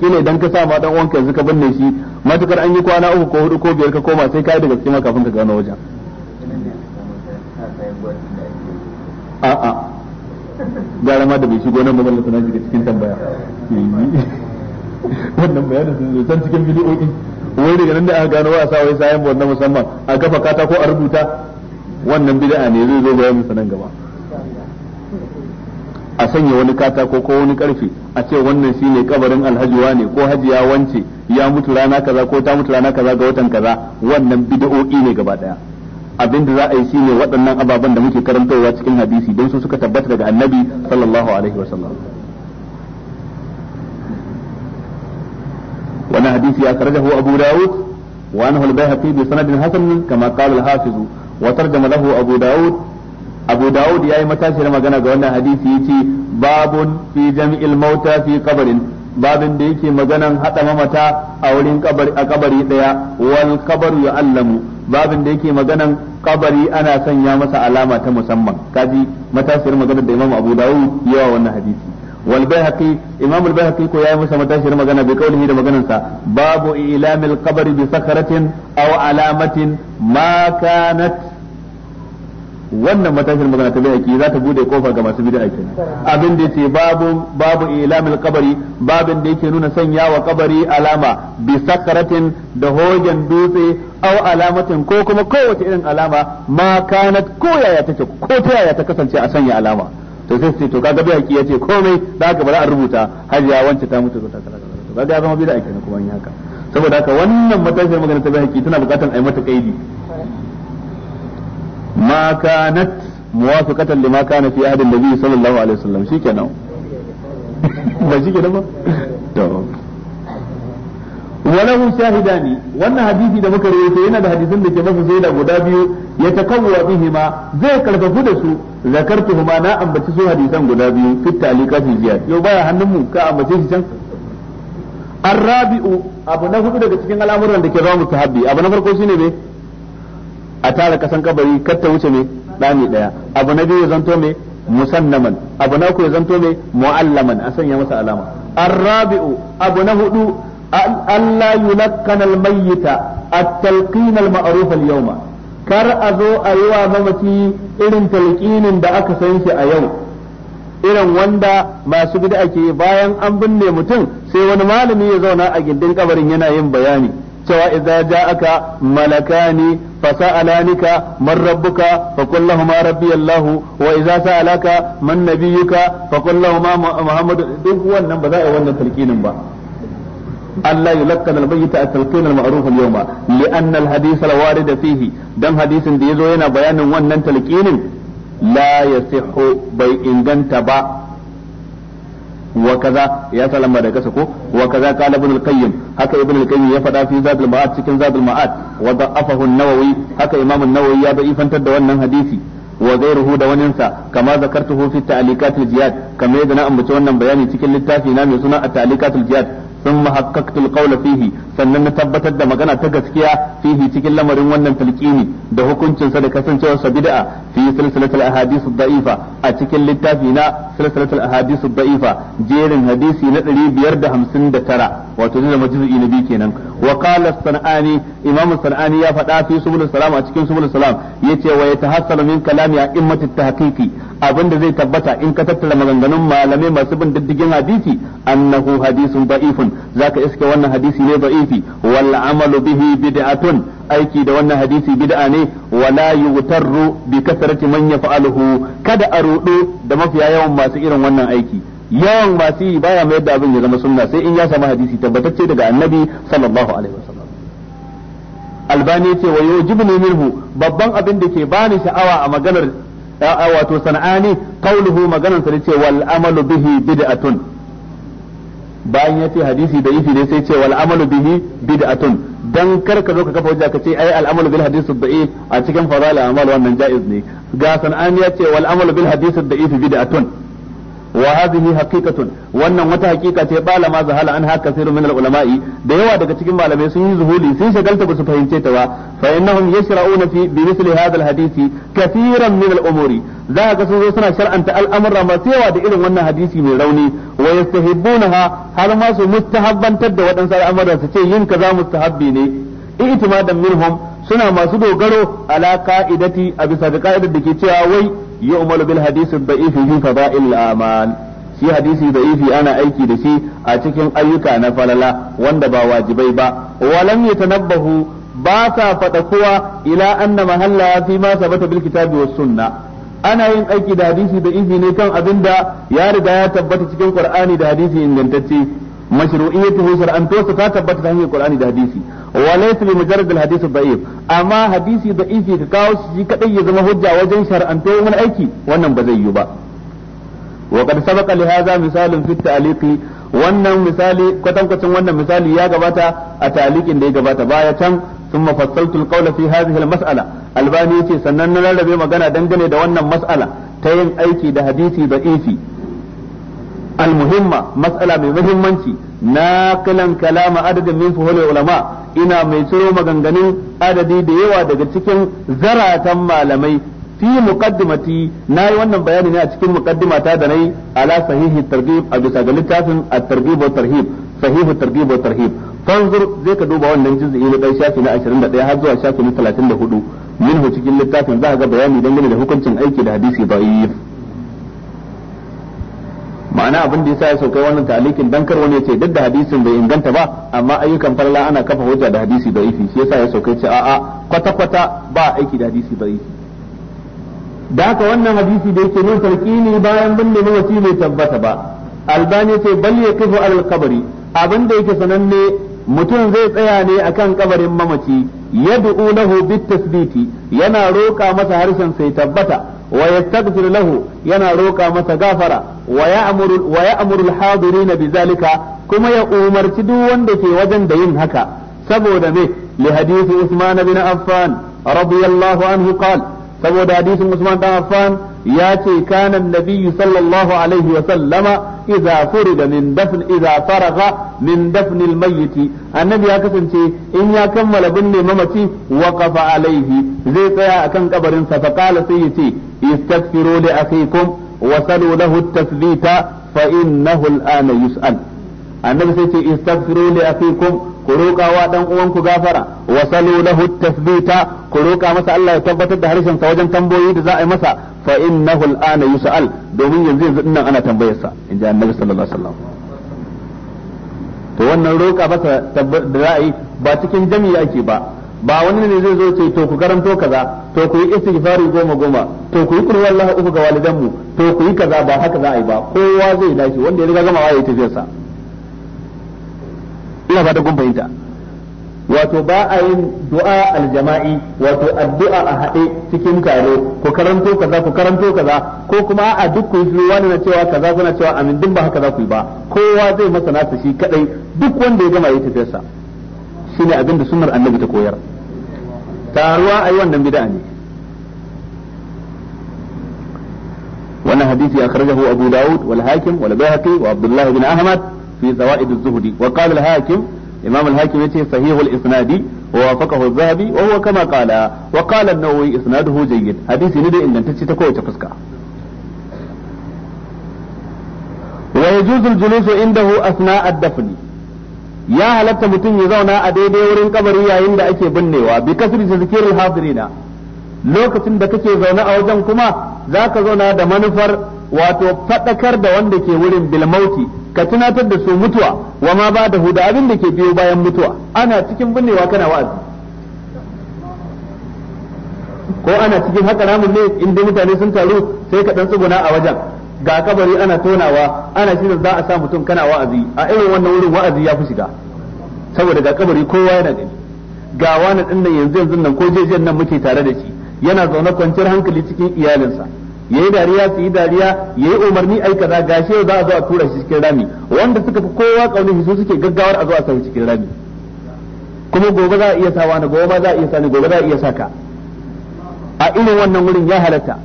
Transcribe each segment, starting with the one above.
kila idan ka sa ma dan uwanka yanzu ka binne shi matukar an yi kwana uku ko hudu ko biyar ka koma sai ka yi daga cikin kafin ka gano wajen a'a gara ma da bai shigo nan ba ballan shi cikin tambaya wannan bayanin sun zo can cikin bidiyoyi wai daga nan da aka gano wa sa wai sayan na musamman a kafa kata ko a rubuta wannan bid'a ne zai zo bayan sanan gaba a sanya wani katako ko wani karfe a ce wannan shine kabarin alhajiwa ne ko hajiya wance ya mutu rana kaza ko ta mutu rana kaza ga watan kaza wannan bid'o'i ne gaba daya abin da za a yi shine waɗannan ababen da muke karantarwa cikin hadisi don su suka tabbata daga annabi sallallahu alaihi sallam wannan hadisi ya hu abu dawud wa anhu al-baihaqi bi sanadin hasan kama qala al-hafiz wa tarjama lahu abu dawud abu ya yi matashiyar magana ga wannan hadisi yace babun fi jam'il mauta fi qabrin babin da yake maganan hada mamata a wurin kabari a kabari daya wal qabru ya'lamu babin da yake maganan kabari ana sanya masa alama ta musamman kaji matashiyar magana da imam abu dawud yawa wannan hadisi والبيهقي امام البيهقي كو ياي مسا متاشر مغانا بقوله ده مغاننسا باب اعلام القبر بصخرة او علامة ما كانت wannan matashin magana ta bid'a za ta bude kofa ga masu bid'a kenan abin da yace babu babu ilamil qabri babin da yake nuna sanya wa kabari alama bi sakaratin da hojan dutse aw alamatin ko kuma kowace irin alama ma kanat ko yaya take ko ta yaya ta kasance a sanya alama to sai sai to kaga bid'a yace komai da ka bari a rubuta ya wance ta mutu ta kaza kaga ya zama bid'a kenan kuma in haka saboda haka wannan matashin magana ta bid'a tana bukatan ai mata kaidi ma kanat muwafiqatan lima kana fi ahdi annabi sallallahu alaihi wasallam shikenan ba shikenan ba to وله شاهدان وان حديثي da muka rawaito yana da hadisin da ke masa da guda biyu ya takawwa bihima zai karfafu da su zakartuhuma na ambaci su hadisan guda biyu fit ta'liqat ziyad yau baya hannun mu ka ambace shi can arrabi'u abu na hudu daga cikin da ke zama mustahabbi abu na farko shine a tara kasan kabari kar ta wuce ne dani daya abu na biyu zanto me musannaman abu na uku zanto me muallaman a sanya masa alama arrabi'u abu na hudu alla yulakkana almayyita at-talqin al-ma'ruf al kar a zo a yi wa mamaci irin talqinin da aka san shi a yau irin wanda masu gida ke bayan an binne mutum sai wani malami ya zauna a gindin kabarin yana yin bayani cewa idza ja'aka malakani fasa'alanika man rabbuka fa qul lahumu rabbi Allah wa idza sa'alaka man nabiyyuka fa qul lahumu Muhammad duk wannan ba za a yi wannan talqinin ba Allah yulakkan albayyita a talqin al-ma'ruf al-yawma li'anna al-hadith al-warid fihi dan hadisin da yazo yana bayanin wannan talqinin la yasihu bai inganta ba wa kaza ya salama lamba da kasa ko wa kaza qala ibn al haka ibn al ya faɗa fi zadul ma'ad cikin zadul ma'ad wa da'afahu an haka imam an-nawawi ya da'ifantar da wannan hadisi wa ghayruhu da waninsa kama zakartuhu fi ta'liqat al-jihad kamar yadda na ambaci wannan bayani cikin littafi na mai suna a taliqat al-jihad ثم حققت القول فيه sannan na tabbatar da magana ta gaskiya fihi cikin lamarin wannan talqini da hukuncinsa da kasancewar sa bid'a fi silsilatul ahadith ad-da'ifa a cikin littafi na silsilatul ahadith ad-da'ifa jerin hadisi na 559 wato ne da na biyu kenan wa qala sanani imamu sanani ya faɗa fi subul salam a cikin subul salam yace wa yatahassalu min kalami a immati tahqiqi abinda zai tabbata in ka tattara maganganun malamai masu bin diddigin hadisi annahu hadisun da'ifun zaka iske wannan hadisi ne da'ifi wal amalu bihi bid'atun aiki da wannan hadisi bid'a ne wala yutarru bi kasrati man yaf'aluhu kada a ruɗu da mafiya yawan masu irin wannan aiki yawan masu yi baya mayar da abin ya zama sunna sai in ya samu hadisi tabbatacce daga annabi sallallahu alaihi wasallam albani ce wa yujibni minhu babban abin da ke bani sha'awa a maganar wato ne qauluhu maganar sa ce wal amalu bihi bid'atun bayan ya ce hadisi da ifi ne sai ce wal amalu bihi bid'atun dan kar ka zo ka kafa hujja ka ce ai al amalu bil hadisi da'i a cikin fadail amal wannan jaiz ne ga sana'ani ya ce wal amalu bil hadisi a bid'atun wa hadhihi haqiqatun wannan wata hakika ce bala ma zahala an haka sirrun min ulama'i da yawa daga cikin malamai sun yi zuhuli sun shagalta ba su fahimce ta ba fa innahum yashra'una fi bi misli hadha alhadisi kathiran min al-umuri za ga sun suna shar'anta al'amura masu yawa da irin wannan hadisi mai rauni wa yastahibbunaha har ma su mustahabbantar da waɗansu al'amura su ce yin kaza mustahabbi ne i'timadan minhum suna masu dogaro ala ka'idati a bisa ga ka'idar da ke cewa wai yu'malu bil hadith ad-da'if fi fada'il al-aman shi hadisi baifi ana aiki da shi a cikin ayyuka na falala wanda ba wajibai ba walam yatanabbahu ba sa fada kowa ila anna mahalla fi ma sa sabata bil kitabi wa sunna ana yin aiki da hadisi baifi ne kan abin da ya riga ya tabbata cikin ƙur'ani da hadisi ingantacce mashru'iyyatu shar'an to ta tabbata ta hanyar qur'ani da hadisi wa laysa bi mujarrad al hadith da'if amma hadisi da'ifi da kawo shi kadai ya zama hujja wajen shar'anto wani aiki wannan ba zai yiwu ba wa qad sabaqa li hadha misalun fi wannan misali kwatankwacin wannan misali ya gabata a ta'liqin da ya gabata baya can ثم فصلت القول في هذه المسألة الباني يتي سنن لربي magana dangane da wannan mas'ala ta yin aiki da hadisi da'ifi المهمة مسألة من مهمة ناقلا كلام عدد من فهول العلماء ina mai ciro maganganun adadi da yawa daga cikin zaratan malamai fi muqaddimati nayi wannan bayani ne a cikin muqaddimata da nayi ala sahihi targhib a bisa ga littafin at-targhib wa tarhib sahihu targhib wa tarhib fanzur zai ka duba wannan juz'i na dai shafi na 21 har zuwa shafi na 34 minhu cikin littafin za ka ga bayani dangane da hukuncin aiki da hadisi da'if ma'ana abin da yasa ya saukai wannan talikin dan kar wani ya ce duk da hadisin bai inganta ba amma ayyukan farla ana kafa hujja da hadisi da ifi shi yasa ya saukai ce a'a kwata kwata ba aiki da hadisi da ifi da haka wannan hadisi da yake nuna tarkini bayan binne mawaci mai tabbata ba albani ce bal yaqifu alal qabri abin da yake sananne mutum zai tsaya ne akan kabarin mamaci yad'u lahu bit tasbiti yana roka masa harshen sai tabbata wa yastaghfir lahu yana roƙa masa gafara wa ya'muru hadirin bizalika kuma ya umarci duk wanda ke wajen da yin haka saboda me li hadisi Usman bin Affan radiyallahu anhu qala saboda hadisin Usman bin Affan ya ce kana annabi sallallahu alaihi wa sallama idza da min dafn idza faragha min dafnin almayyit annabi ya kasance in ya kammala binne mamaci waqafa alaihi zai tsaya akan kabarin sa fa qala sai yace istaghfiru li akhikum wa salu lahu at-tathbita fa innahu al-ana yus'al annabi sai ce istaghfiru li akhikum ku roƙa wa dan uwanku gafara wa salu lahu tathbita ku roƙa masa Allah ya tabbatar da harshen sa wajen tambayoyi da za a yi masa fa innahu al'ana yus'al domin yanzu yanzu dinnan ana tambayar sa inji annabi sallallahu alaihi wasallam to wannan roƙa masa da za a yi ba cikin jami'i ake ba ba wani ne zai zo ce to ku karanto kaza to ku yi istighfari goma goma to ku yi kullu wallahu uku ga walidanmu to ku yi kaza ba haka za a yi ba kowa zai dace wanda ya riga gama waye tafiyar sa ina fata kun fahimta wato ba a yin du'a aljama'i wato addu'a a haɗe cikin taro ku karanto kaza ku karanto kaza ko kuma a duk ku yi wani na cewa kaza kuna cewa amin din ba haka za ku yi ba kowa zai masa nasa shi kadai duk wanda ya gama yi tafiyarsa shine abin da sunnar annabi ta koyar taruwa yi wannan bid'a ne wannan hadisi akhrajahu abu daud wal hakim wal bayhaqi wa abdullah ibn ahmad fi zawaid az-zuhd wa al-hakim imam al-hakim yace sahihul isnadi wa wafaqahu az-zahabi wa huwa kama qala wa qala an da ingantacce ta kowace fuska wa yajuzu al-julusu indahu asna ad-dafn ya halatta mutum ya zauna a daidai wurin kabari yayin da ake binnewa bi kasri zikirul lokacin da kake zaune a wajen kuma zaka zauna da manufar wato faɗakar da wanda ke wurin bil ka tunatar da su mutuwa wa ma ba da huda abin da ke biyo bayan mutuwa ana cikin binnewa kana wa'azi ko ana cikin haka namun ne inda mutane sun taru sai ka dan tsuguna a wajen ga kabari ana tonawa ana shirin za a sa mutum kana wa'azi a irin wannan wurin wa'azi ya fi shiga saboda ga kabari kowa yana gani ga wani din nan yanzu yanzu nan ko jejen nan muke tare da shi yana zaune kwanciyar hankali cikin iyalinsa yayi dariya su yi dariya yayi umarni ai kaza gashi yau za a zo a tura shi cikin rami wanda suka fi kowa kaunin su suke gaggawar a zo a sa cikin rami kuma gobe za a iya sawa na gobe ma za a iya sa ni gobe za a iya saka a irin wannan wurin ya halatta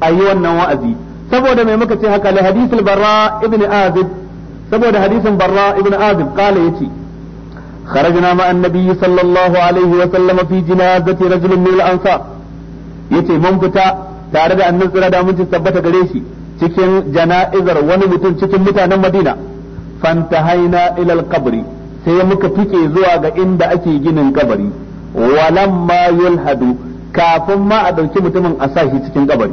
a yi wannan wa'azi saboda mai muka ce haka li hadisul barra ibn azib saboda hadisin barra ibn azib kala yace خرجنا مع النبي صلى الله عليه وسلم في جنازة رجل من الأنصار يتي من فتا tare da annabi tsira da mun tabbata gare shi cikin jana'izar wani mutum cikin mutanen Madina fantahaina ila al sai muka fike zuwa ga inda ake ginin kabari walamma yulhadu kafin ma a ɗauki mutumin a sa shi cikin kabari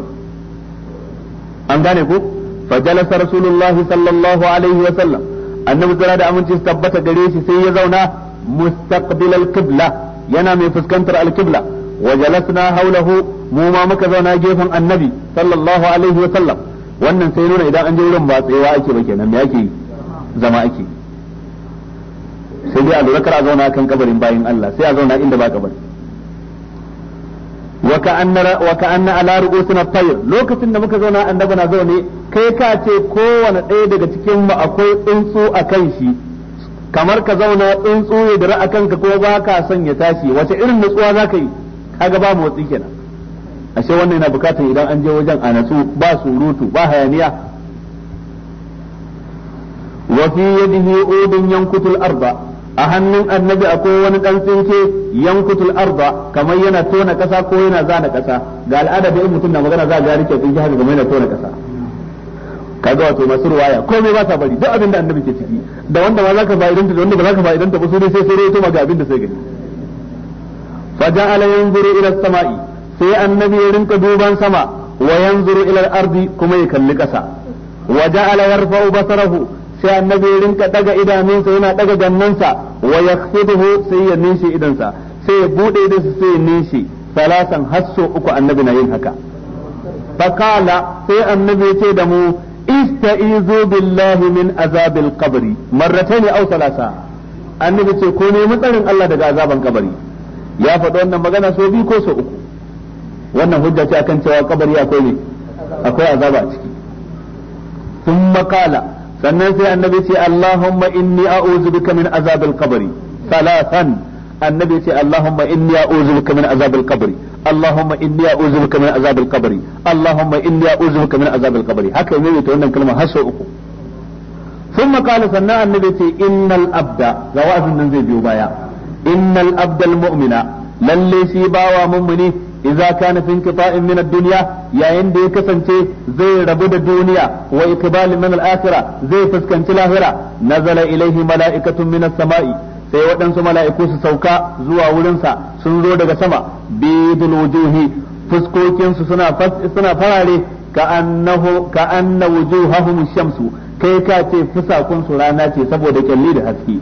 an gane ko fajalasa rasulullahi sallallahu alaihi wa sallam annabi da aminci tabbata gare shi sai ya zauna mustaqbilal qibla yana mai fuskantar al-qibla wa jalasna haulahu mu ma muka zauna gefen annabi sallallahu alaihi wa sallam wannan sai nuna idan an je wurin ba tsayawa ake ba kenan me ake zama ake sai dai a lura kar a zauna kan kabarin bayin Allah sai a zauna inda ba kabari wa ka'anna wa ka'anna ala ru'usina tayr lokacin da muka zauna annabi na zaune kai ka ce kowane ɗaya daga cikin mu akwai tsuntsu a kan shi kamar ka zauna tsuntsu ya dira akan ka ko ba ka son ya tashi wace irin nutsuwa za ka yi kaga ba motsi kenan ashe wannan yana bukatar idan an je wajen a natsu ba surutu ba hayaniya wa fi yadihi udun yankutul arda a hannun annabi akwai wani dan tsinke yankutul arda kamar yana tona kasa ko yana zana kasa ga al'ada da mutum na magana za ga rike tsinke haka kamar yana tona kasa kaga wato masu ruwaya komai ba sa bari duk abin da annabi ke ciki da wanda ma ka fa'idanta da wanda ba ka fa'idanta ba su ne sai sai ya ma ga abin da sai gani fa ja'ala yanzuru ila samai sai annabi ya rinka duban sama wa yanzuru ila ardi kuma ya kalli kasa wa ja'ala yarfa'u basarahu sai annabi ya rinka daga idanunsa yana daga gannansa wa yakhfiduhu sai ya nishi idansa sai ya bude idansa sai ya nishi salasan hasso uku annabi na yin haka fakala sai annabi ya ce da mu ista'izu billahi min azabil qabri marratayn aw salasa annabi ce ko ne mutsarin Allah daga azaban kabari ya faɗi wannan magana sau biyu ko sau uku wannan hujja ce akan cewa kabari akwai ne akwai azaba a ciki sun makala sannan sai annabi ce Allahumma inni a'udhu bika min azabil qabri salasan annabi ce Allahumma inni a'udhu bika min azabil qabri Allahumma inni a'udhu bika min azabil qabri Allahumma inni a'udhu bika min azabil qabri haka ne ta wannan kalma har sau uku sun makala sannan annabi ce innal abda ga wa'azin nan zai biyo baya innal abdal mu'mina lalle shi bawa mummuni idza kana fi inqita'in min ad yayin da ya kasance zai rabu da duniya wa iqbal min al-akhirah zai fuskanci lahira nazala ilaihi mala'ikatun min samai sai waɗansu mala'iku su sauka zuwa wurinsa sun zo daga sama bidul wujuhi fuskokinsu suna suna farare ka annahu ka anna shamsu kai ka ce fusakun su rana ce saboda kyalli da haske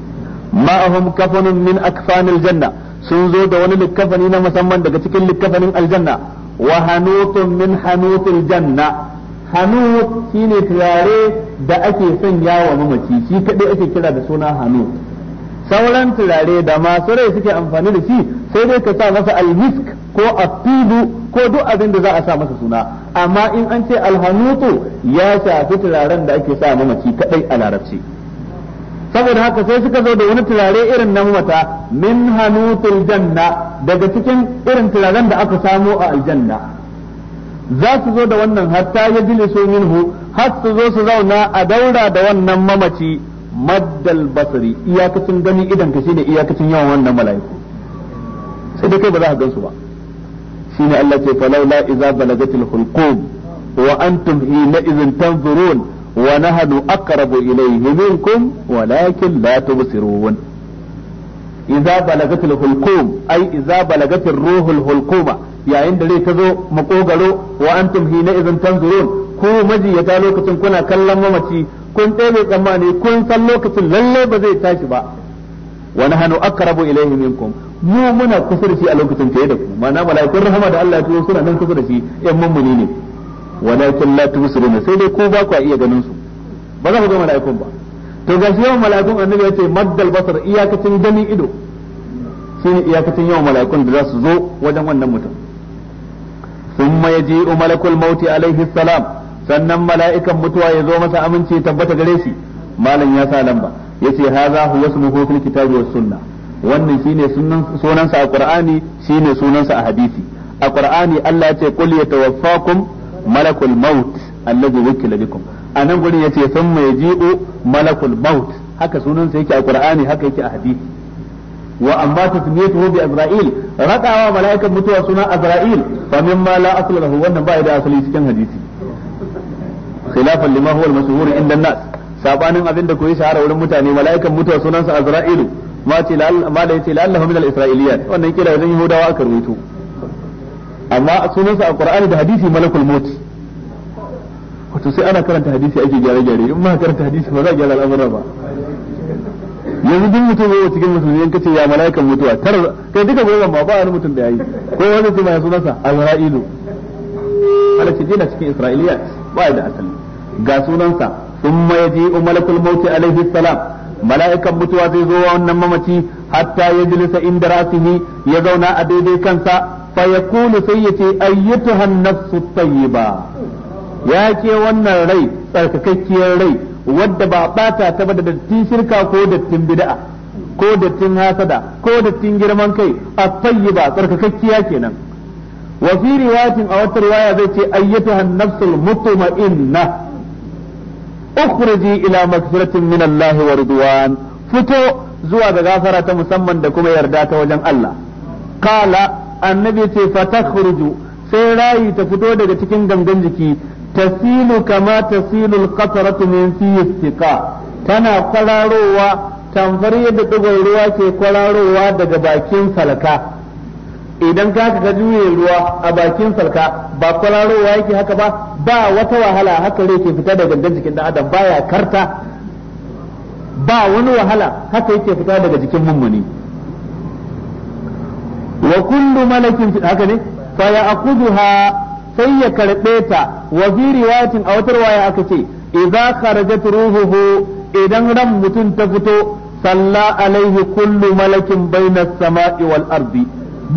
ma'ahum kafanun min akfanil janna sun zo da wani likafani na musamman daga cikin likafanin aljanna wa hanutun min hanutil janna hanut shine turare da ake sanya wa mamaci shi kadai ake kira da suna hanut sauran turare da masu rai suke amfani da shi sai dai ka sa masa almisk ko afidu ko duk abin da za a sa masa suna amma in an ce alhanutu ya shafi turaren da ake sa mamaci kadai a larabci saboda haka sai suka zo da wani turare irin na mata min hanutul janna daga cikin irin turaren da aka samo a aljanna za su zo da wannan hatta ya jilisu minhu har su zo su zauna a daura da wannan mamaci maddal basari iyakacin gani idan ka shine iyakacin yawan wannan mala'iku sai da kai ba za ka gansu ba shine Allah ce falaula idza balagatil hulqum wa antum hina idhin tanzurun wa nahnu aqrabu ilayhi minkum walakin la tubsirun idza balagat al-hulqum ay idza balagat ar yayin da rai ta zo makogaro wa antum hina idan tanzurun ku majiyata lokacin kuna kallon mamaci kun ɗaya tsammani kun san lokacin lalle ba zai tashi ba wa nahnu aqrabu ilayhi minkum mu muna kusa da shi a lokacin fiye da ku ma'ana mala'ikun rahama da Allah ya suna nan kusa da shi yan mummuni ne walakin la tubsiruna sai dai ko ba ku iya ganin su ba za ku ga mala'ikun ba to ga shi yawan mala'ikun annabi ya ce maddal basar iyakacin ganin ido shine iyakacin yawan mala'ikun da za su zo wajen wannan mutum thumma yaji'u malakul mauti alaihi salam sannan mala'ikan mutuwa ya zo masa aminci tabbata gare shi malam ya sa lamba yace haza huwa ismuhu fil kitabi was sunna wannan shine sunansa a qur'ani shine sunansa a hadisi a qur'ani Allah ya ce qul yatawaffakum malakul maut allazi wukila bikum anan gurin yace mai yaji'u malakul maut haka sunan sa yake a qur'ani haka yake a hadisi wa amma tasmiyatuhu bi azra'il radawa mala'ikan mutuwa suna azra'il fa mimma la asla lahu wannan ba da asali cikin hadisi khilafan lima huwa al-mashhur inda an-nas sabanin abinda koyi shahara wurin mutane mala'ikan mutuwa sunan sa azra'ilu ma ce ma da yace la'allahu min al-isra'iliyat wannan kila wajen yahudawa aka rubuto amma sunansa a qur'ani da hadisi malakul maut wato sai ana karanta hadisi ake gyare gyare in ma karanta hadisi ba za a gyara al'amura ba yanzu duk mutum zai cikin musulmi in kace ya malaikan mutuwa tar kai duka gurin ba ba wani mutum da yayi ko wani ce mai sa azra'ilu ala ce dina cikin isra'iliyat ba da asali ga sunansa thumma yaji malakul maut alaihi salam mala'ikan mutuwa zai zo wa wannan mamaci hatta yajlisa inda rasihi ya zauna a daidai kansa fa yaqulu sai yace ayyatuha an-nafsu tayyiba ya ke wannan rai tsarkakakkiyar rai wadda ba bata ta ba da dattin shirka ko dattin bid'a ko dattin hasada ko dattin girman kai at-tayyiba tsarkakakkiya kenan wa fi riwayatin a wata riwaya zai ce ayyatuha an-nafsu al-mutma'inna ila masiratin min Allah wa ridwan fito zuwa ga gafara ta musamman da kuma yarda ta wajen Allah qala annabi ce fatakhruju sai rayi ta fito daga cikin gangan jiki tasilu kama tasilu alqatratu min fi tana kwararowa tamfar yadda digon ruwa ke kwararowa daga bakin salka idan ka ka juye ruwa a bakin salka ba kwararowa yake haka ba ba wata wahala haka rai ke fita daga gangan jikin dan adam baya karta ba wani wahala haka yake fita daga jikin mummuni wa kullu malakin haka ne fa ya'khudha sai ya karbe ta wa fi riwayatin a wata riwaya aka ce idza kharajat ruhuhu idan ran mutum ta fito salla alaihi kullu malakin bainas sama'i wal ardi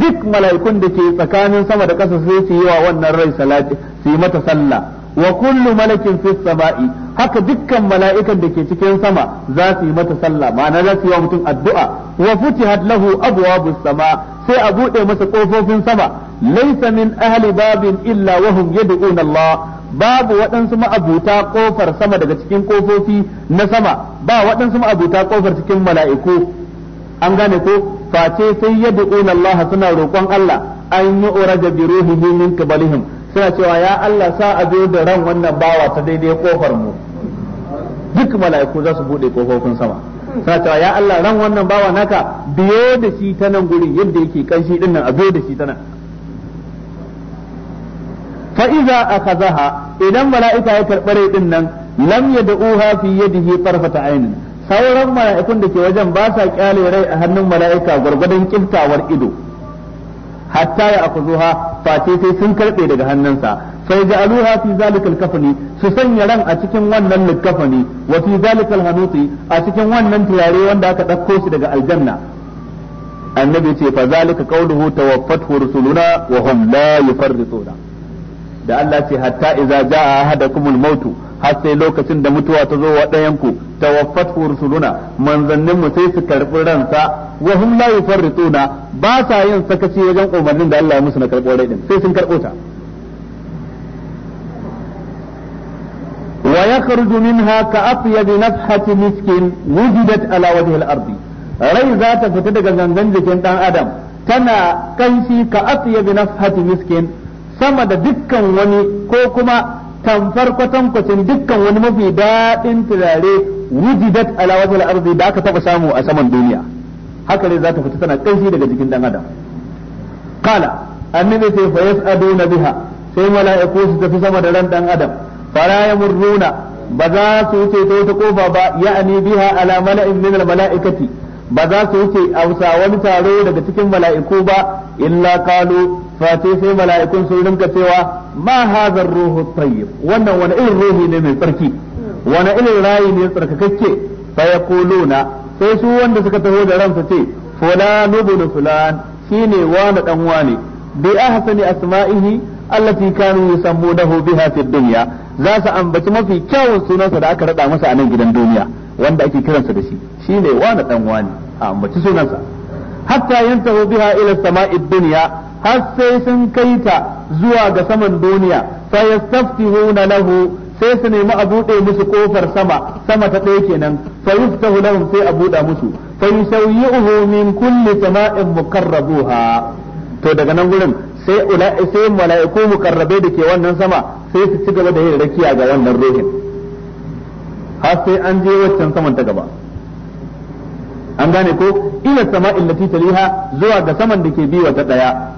duk mala'ikun da ke tsakanin sama da ƙasa sai su yi wa wannan rai salati su yi mata sallah wa kullu malakin sama'i haka dukkan mala'ikan da ke cikin sama za su yi mata sallah ma'ana za su yi wa mutum addu'a wa futihat lahu abwabus sama sai a buɗe masa kofofin sama laisa min ahli babin illa wahum yad'una Allah babu waɗansu ma'abuta ƙofar sama daga cikin ƙofofi na sama ba waɗansu ma'abuta kofar cikin mala'iku an gane ko face sai yad'una Allah suna roƙon Allah an yi uraja bi ruhihi min qablihim suna cewa ya Allah sa a zo da ran wannan bawa ta daidai kofar mu duk mala'iku za su buɗe kofofin sama sa cewa ya Allah ran wannan bawa naka biyo da shi ta nan gurin yadda yake kanshi din nan a biyo da shi ta nan fa iza akhadha idan mala'ika ya karbare din nan lam yad'uha fi yadihi tarfata aynin sauran mala'ikun da ke wajen ba sa kyale rai a hannun mala'ika gwargwadon kiftawar ido hatta ya akuzuha face sai sun karbe daga hannunsa sai ja'aluha fi zalika al-kafani su sanya ran a cikin wannan likafani wa fi zalika al-hanuti a cikin wannan turare wanda aka dauko shi daga aljanna annabi ce fa zalika qawluhu tawaffatu rusuluna wa hum la yufarrituna da Allah ce hatta idza jaa ahadakumul mautu har sai lokacin da mutuwa ta zo wa ɗayan ku tawaffatu rusuluna manzannin mu sai su karbi ransa wa hum la yufarrituna ba sa yin sakaci wajen umarnin da Allah ya musu na karbo rai din sai sun karbo ta ويخرج منها كأطيب نفحة مسك وجدت على وجه الأرض rai za ta fita daga gangan jikin ɗan adam tana kanshi ka asiya bi nafhati miskin sama da dukkan wani ko kuma tamfar kwatankwacin dukkan wani mafi daɗin turare wujidat ala wajhil da aka taɓa samu a saman duniya haka ne za ta fita tana kanshi daga jikin ɗan adam an annabi sai ado yas'aduna biha sai mala'iku su tafi sama da ran ɗan adam fala yamurruna ba za su wuce ta wata kofa ba ya'ani biha ala mala'in min al-mala'ikati ba za su wuce a wani taro daga cikin mala'iku ba illa kalu fate sai mala'ikun sun rinka cewa ma hazar ruhu wannan wani irin ruhi ne mai tsarki wani irin rayi ne tsarkakakke fa yaquluna sai su wanda suka taho da ransa ce fulan ibn fulan shine wani dan wane bi ahsani asma'ihi allati kanu dahu biha fid dunya za su ambaci mafi kyawun sunansa da aka rada masa a nan gidan duniya wanda ake kiransa da shi shine wani dan wani a ambaci sunansa hatta yantahu biha ila sama'i dunya har sai sun kai ta zuwa ga saman duniya yastaftihuna lahu sai su nemi a buɗe musu kofar sama sama ta ɗaya kenan fa yuftahu lahum sai a buɗe musu fa yusawyi'uhu min kulli sama'in mukarrabuha to daga nan gurin sai sai mala'iku mukarrabe da ke wannan sama sai su ci gaba da yin rakiya ga wannan ruhin har sai an je waccan saman ta gaba an gane ko ila sama'il lati taliha zuwa ga saman da ke biwa ta daya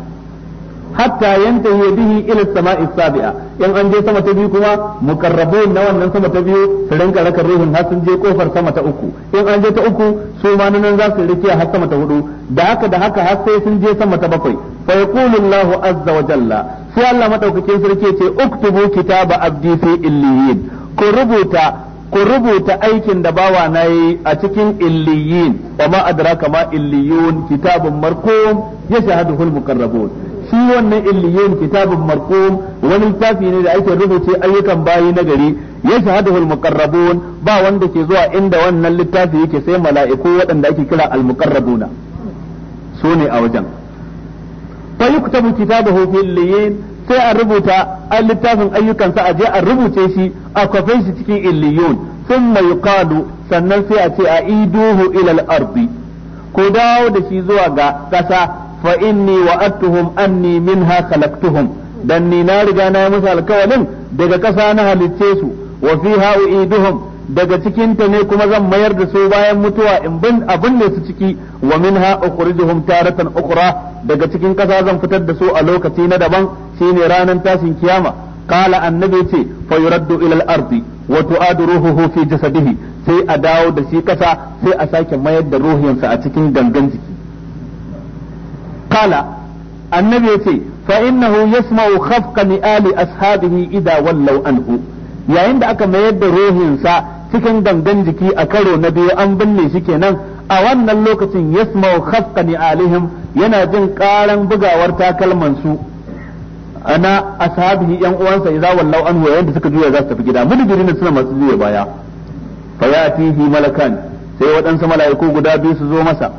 hatta yantahi bihi ila samai sabia in an je sama ta biyu kuma muqarrabun na wannan sama ta biyu su rinka raka ruhun har sun je kofar sama ta uku in an je ta uku su ma nan za su rike har sama ta hudu da haka da haka har sai sun je sama ta bakwai fa yaqulu Allahu azza wa jalla sai Allah madaukakin sarki ce uktubu kitaba abdi fi illiyin ku rubuta ku rubuta aikin da bawa na yi a cikin illiyin wa ma adraka ma illiyun kitabun marqum yashhaduhu al shi wannan illiyin kitabun marqum wani littafi ne da ake rubuce ayyukan bayi na gari ya shahadahul muqarrabun ba wanda ke zuwa inda wannan littafi yake sai mala'iku waɗanda ake kira al muqarrabuna su ne a wajen fa yuktabu kitabahu fil liyin sai a rubuta a littafin ayyukansa a je a rubuce shi a kwafin shi cikin illiyun thumma yuqalu sannan sai a ce a iduhu ila al-ardi ko dawo da shi zuwa ga kasa fa inni wa'adtuhum anni minha khalaqtuhum dan ni na riga na yi musu alkawalin daga ƙasa na halicce su wa fiha u'iduhum daga cikinta ne kuma zan mayar da su bayan mutuwa in bin abin ne su ciki wa minha ta ratan ukura daga cikin ƙasa zan fitar da su a lokaci na daban shine ranar tashin kiyama qala annabi ce fa yuraddu ila al-ardi wa tu'adu ruhuhu fi jasadihi sai a dawo da shi ƙasa sai a sake mayar da ruhinsa a cikin gangan jiki ala annabi yace fa innahu yasma'u khafqa ni'ali ashabihi idha wallaw anhu yayin da aka mayar da ruhinsa cikin gangan jiki a karo na biyu an binne shi kenan a wannan lokacin yasma'u khafqa ni'alihim yana jin karan bugawar takalman su ana ashabihi yan uwansa idza wallaw anhu yayin da suka juya za su tafi gida mudibirin suna masu juya baya fa yatihi malakan sai waɗansu mala'iku guda biyu su zo masa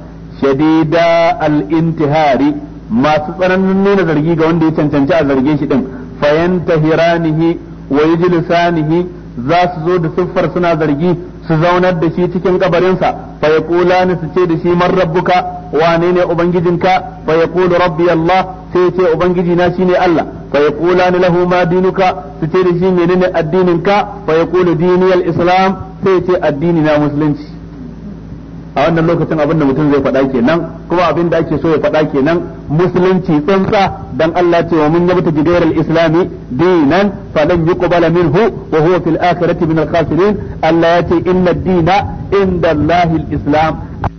shadida al-intihari masu tsananin nuna zargi ga wanda ya cancanci a zarge shi din fayantahiranihi wa yujlisanihi za su zo da siffar suna zargi su zaunar da shi cikin kabarinsa fa yaqulani su ce da shi man rabbuka wane ne ubangijinka fa yaqulu rabbi allah sai ya ce ubangiji na shine allah fa yaqulani lahu ma dinuka su ce da shi menene addininka fa yaqulu dini al-islam sai ya ce addini na musulunci a wannan lokacin abin da mutum zai faɗa kenan kuma abin da ake so ya faɗa kenan musulunci tsantsa dan Allah ce wa mun yabta gidayar al-islami dinan falan yuqbala minhu wa huwa fil akhirati min al-khasirin Allah ya ce inna dina inda islam